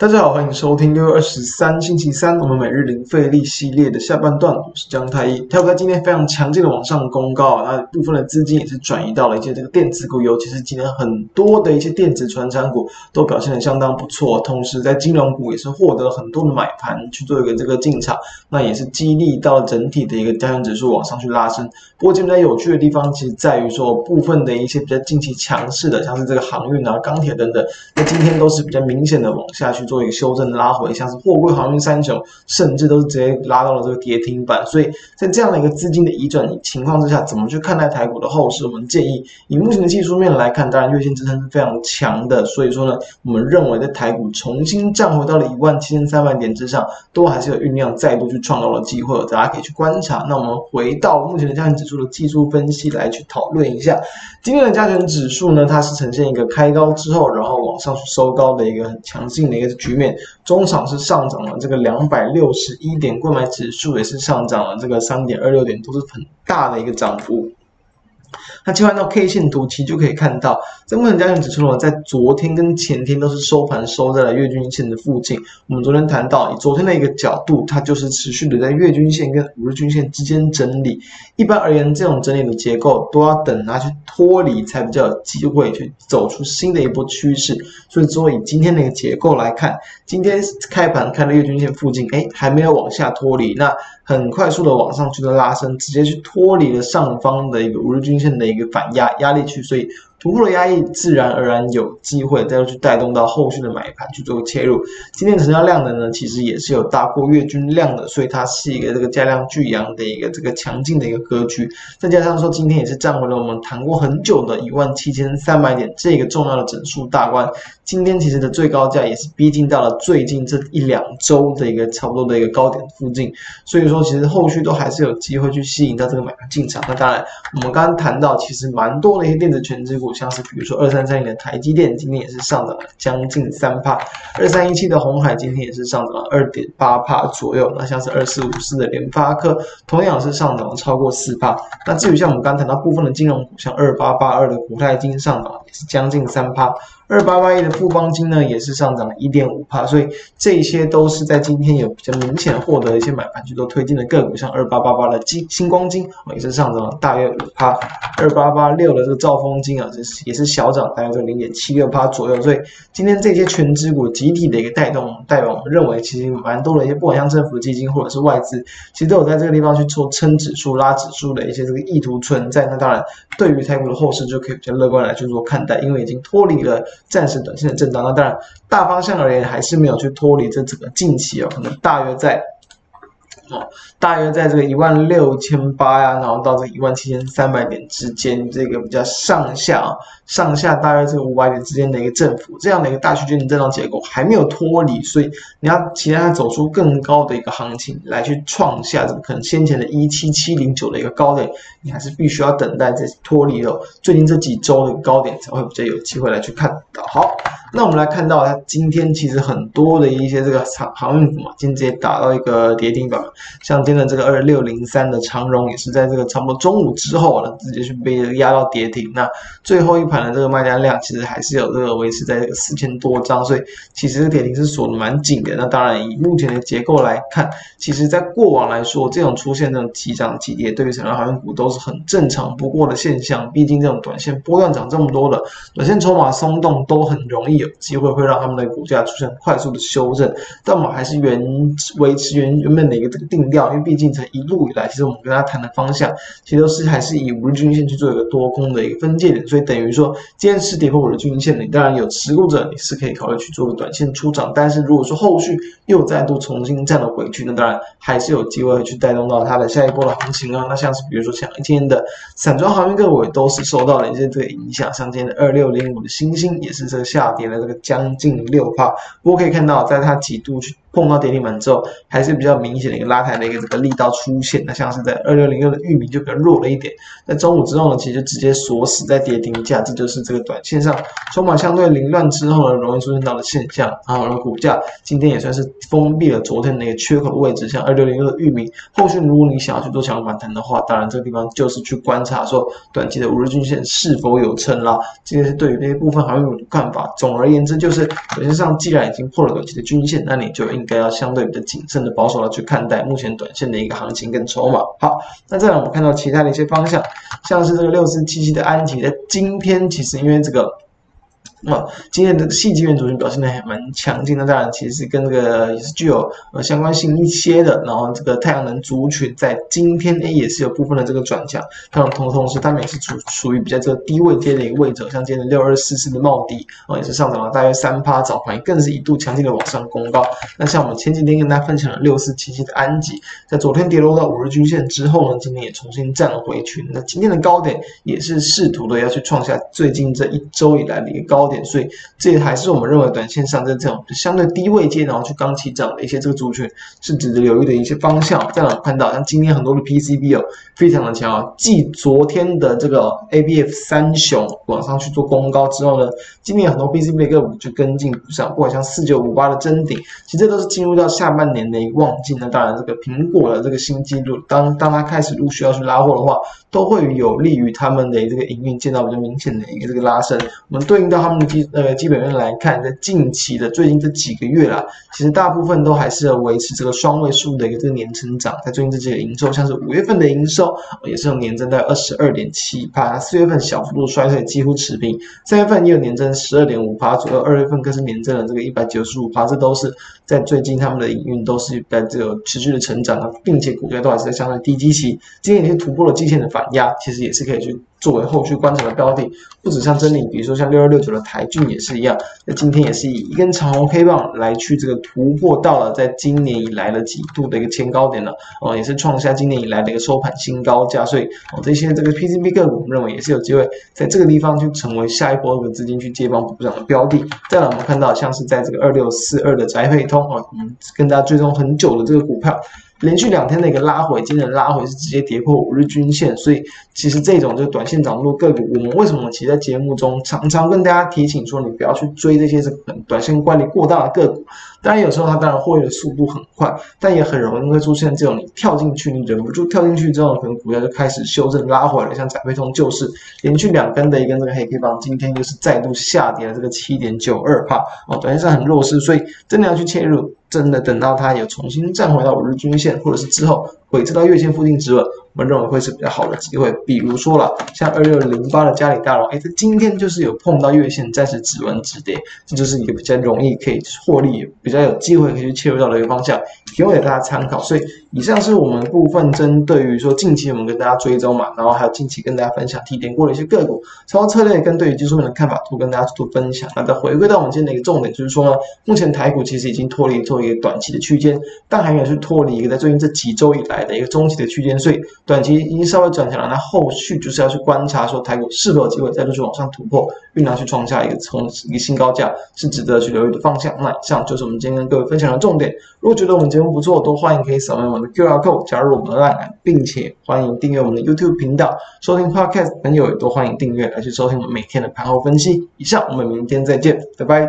大家好，歡迎收聽六月二十三星期三，我們每日零費力系列的下半段，我是江太一。他有在今天非常強勁的往上攻高，那部分的資金也是轉移到了一些這個電子股，尤其是今天很多的一些電子傳產股都表現得相當不錯。同時在金融股也是獲得了很多的買盤去做一個這個進場，那也是激勵到整體的一個加權指數往上去拉升。不過今天有趣的地方其實在於說部分的一些比較近期強勢的，像是這個航運啊、鋼鐵等等，在今天都是比較明顯的往下去。做一個修正的拉回，像是貨櫃航運三雄，甚至都直接拉到了這個跌停板。所以在這樣的一個資金的移轉情況之下，怎麼去看待台股的後市？我們建議以目前的技術面來看，當然月線支撐是非常強的。所以說呢，我們認為在台股重新站回到了一萬七千三百點之上，都還是有醞釀再度去創造的機會，我大家可以去觀察。那我們回到目前的加權指數的技術分析來去討論一下。今天的加權指數呢，它是呈現一個開高之後，然後往上去收高的一個很強勁的一個局面，中場是上漲了，這個兩百六十一點，櫃買指數也是上漲了，這個三點二六點，都是很大的一個漲幅。那切換到 K 線圖，其實就可以看到，這目前加權指數呢，在昨天跟前天都是收盤收在了月均線的附近。我們昨天談到，以昨天的一個角度，它就是持續的在月均線跟五日均線之間整理。一般而言，這種整理的結構，都要等它去脫離，才比較有機會去走出新的一波趨勢。所以，作為以今天的一個結構來看，今天開盤開到月均線附近，哎、欸，還沒有往下脫離，那很快速的往上去的拉升，直接去脫離了上方的一個五日均線的。一個反壓壓力區，所以。突破的壓抑，自然而然有機會再去帶動到後續的買盤去做切入。今天成交量的呢，其實也是有大過月均量的，所以它是一個這個價量俱揚的一個這個強勁的一個格局。再加上說今天也是站穩了我們談過很久的一萬七千三百點這個重要的整數大關。今天其實的最高價也是逼近到了最近這一兩周的一個差不多的一個高點附近。所以說其實後續都還是有機會去吸引到這個買盤進場。那當然，我們剛剛談到其實蠻多的一些電子權值股。像是比如說，二三三零的台積電今天也是上漲了將近三帕，二三一七的鴻海今天也是上漲了二點八帕左右，那像是二四五四的聯發科同樣是上漲了超過四帕，那至於像我們剛剛談到部分的金融股，像二八八二的國泰金上漲也是將近三帕。二八八一的富邦金呢，也是上漲了一點五趴，所以這些都是在今天有比較明顯獲得一些買盤去做推進的個股，像二八八八的金新光金也是上漲了大約五趴，二八八六的這個兆豐金啊，也是也是小漲大約在零點七六趴左右。所以今天這些權值股集體的一個帶動，代表我們認為其實蠻多的一些不管像政府基金或者是外資，其實都有在這個地方去做撐指數、拉指數的一些這個意圖存在。那當然，對於台股的後市就可以比較樂觀來去做看待，因為已經脫離了。暫時短線的震盪，那當然大方向而言還是沒有去脫離這整個近期哦、啊，可能大約在。哦、大約在這個一萬六千八呀，然後到這一萬七千三百點之間，這個比較上下，啊，上下大約這個五百點之間的一個振幅，這樣的一個大區間的震盪結構還沒有脫離，所以你要期待它走出更高的一個行情來去創下這個可能先前的一七七零九的一個高點，你還是必須要等待這次脫離了最近這幾周的高點才會比較有機會來去看到。好。那我們來看到，它今天其實很多的一些這個航航運股嘛，今天直接打到一個跌停板。像今天的這個二六零三的長榮，也是在這個差不多中午之後呢，直接去被壓到跌停。那最後一盤的這個賣家量，其實還是有這個維持在這個四千多張，所以其實這個跌停是鎖的蠻緊的。那當然，以目前的結構來看，其實，在過往來說，這種出現這種急漲急跌，對於整個航運股都是很正常不過的現象。畢竟這種短線波段漲這麼多的，短線籌碼鬆動都很容易，有機會會讓他們的股價出現快速的修正，但我們還是原維持原原本的一個這個定調，因為畢竟才一路以來，其實我們跟他談的方向，其實都是還是以五日均線去做一個多空的一個分界點，所以等於說，今天是跌破五日均線的，你當然有持股者你是可以考慮去做個短線出場，但是如果說後續又再度重新站了回去，那當然還是有機會會去帶動到它的下一波的行情啊，那像是比如說像今天的散裝航運個股都是受到了一些這個影響，像今天的二六零五的新興也是這個下跌。這個將近六趴，不過可以看到，在它幾度去碰到跌停板之後，還是比較明顯的一個拉抬的一個這個力道出現。那像是在二六零六的裕民就比較弱了一點，在中午之後呢，其實就直接鎖死在跌停價，這就是這個短線上籌碼相對凌亂之後呢，容易出現到的現象。然後呢，股價今天也算是封閉了昨天那個缺口的位置，像二六零六的裕民，後續如果你想要去做強反彈的話，當然這個地方就是去觀察說短期的五日均線是否有撐啦，這些是對於那些部分還沒有看法中。而言之，就是首先上，既然已經破了短期的均線，那你就應該要相對比較謹慎的、保守的去看待目前短線的一個行情跟籌碼。好，那再來我們看到其他的一些方向，像是這個六四七七的安集，在今天其實因為這個。那今天的矽晶圓族群表現的還蠻強勁的，當然其實跟這個也是具有呃相關性一些的。然後這個太陽能族群在今天呢也是有部分的這個轉強，但同同時它也是處處於比較這個低位階的一個位置，像今天的六二四四的茂迪啊，也是上漲了大約三趴，早盤更是一度強勁的往上攻高。那像我們前幾天跟大家分享了六四七七的安集，在昨天跌落到五日均線之後呢，今天也重新站了回去。那今天的高點也是試圖的要去創下最近這一週以來的一個高點。所以，這也還是我們認為短線上在這種相對低位階，然後去剛起漲的一些這個族群，是值得留意的一些方向。這樣看到，像今天很多的 PCB 哦，非常的強啊、哦。繼昨天的這個 ABF 三雄往上去做攻高之後呢，今天有很多 PCB 個股去跟進補漲，包括像四九五八的臻鼎，其實這都是進入到下半年的一個旺季。那當然，這個蘋果的這個新紀錄，當當它開始陸續要去拉貨的話，都會有利於他們的這個營運見到比較明顯的一個這個拉升。我們對應到他們。基呃基本面來看，在近期的最近這幾個月啦，其實大部分都還是維持這個雙位數的一個這個年成長。在最近這幾個月，營收像是五月份的營收也是有年增在二十二點七趴，四月份小幅度衰退幾乎持平，三月份也有年增十二點五趴左右，二月份更是年增了這個一百九十五趴，這都是在最近他們的營運都是在這個持續的成長啊，並且股價都還是在相對低基期，今天已經突破了季線的反壓，其實也是可以去。作為後續觀察的標的，不止像真理，比如說像六二六九的台郡也是一樣。那今天也是以一根長紅 K 棒來去這個突破到了在今年以來的幾度的一個前高點了，哦，也是創下今年以來的一個收盤新高價，哦，這些這個 PCB 個股，我們認為也是有機會在這個地方去成為下一波的資金去接棒補漲的標的。再來，我們看到像是在這個二六四二的宅配通，哦、嗯，跟大家追蹤很久的這個股票。連續兩天的一個拉回，今天的拉回是直接跌破五日均線，所以其實這種就是短線漲落個股，我們為什麼其實在節目中常常跟大家提醒說，你不要去追這些是短線管理過大的個股。當然，有時候它當然獲利的速度很快，但也很容易會出現這種你跳進去，你忍不住跳進去之後，可能股價就開始修正拉回來了。像展貝通就是連續兩根的一根這個黑 K 棒，今天又是再度下跌了這個七點九二趴，哦，短線上很弱勢，所以真的要去切入，真的等到它有重新站回到五日均線，或者是之後回撤到月線附近止穩。我們認為會是比較好的機會，比如說了，像二六零八的嘉里大榮，誒，它今天就是有碰到月線暫時止穩止跌，這就是一個比較容易可以獲利、比較有機會可以去切入到的一個方向，提供給大家參考。所以以上是我們部分針對於說近期我們跟大家追蹤嘛，然後還有近期跟大家分享提點過的一些個股操作策略跟對於技術面的看法，都跟大家做分享。那再回歸到我們今天的一個重點，就是說呢，目前台股其實已經脫離做一個短期的區間，但還沒有去脫離一個在最近這幾周以來的一個中期的區間稅短期已經稍微轉強了，那後續就是要去觀察，說台股是否有機會再度去往上突破，醞釀去創下一個從一個新高價，是值得去留意的方向。那以上就是我們今天跟各位分享的重點。如果覺得我們節目不錯，都歡迎可以掃描我們的 QR code 加入我們的 LINE，並且歡迎訂閱我們的 YouTube 頻道，收聽 Podcast。朋友也都歡迎訂閱來去收聽我們每天的盤後分析。以上，我們明天再見，拜拜。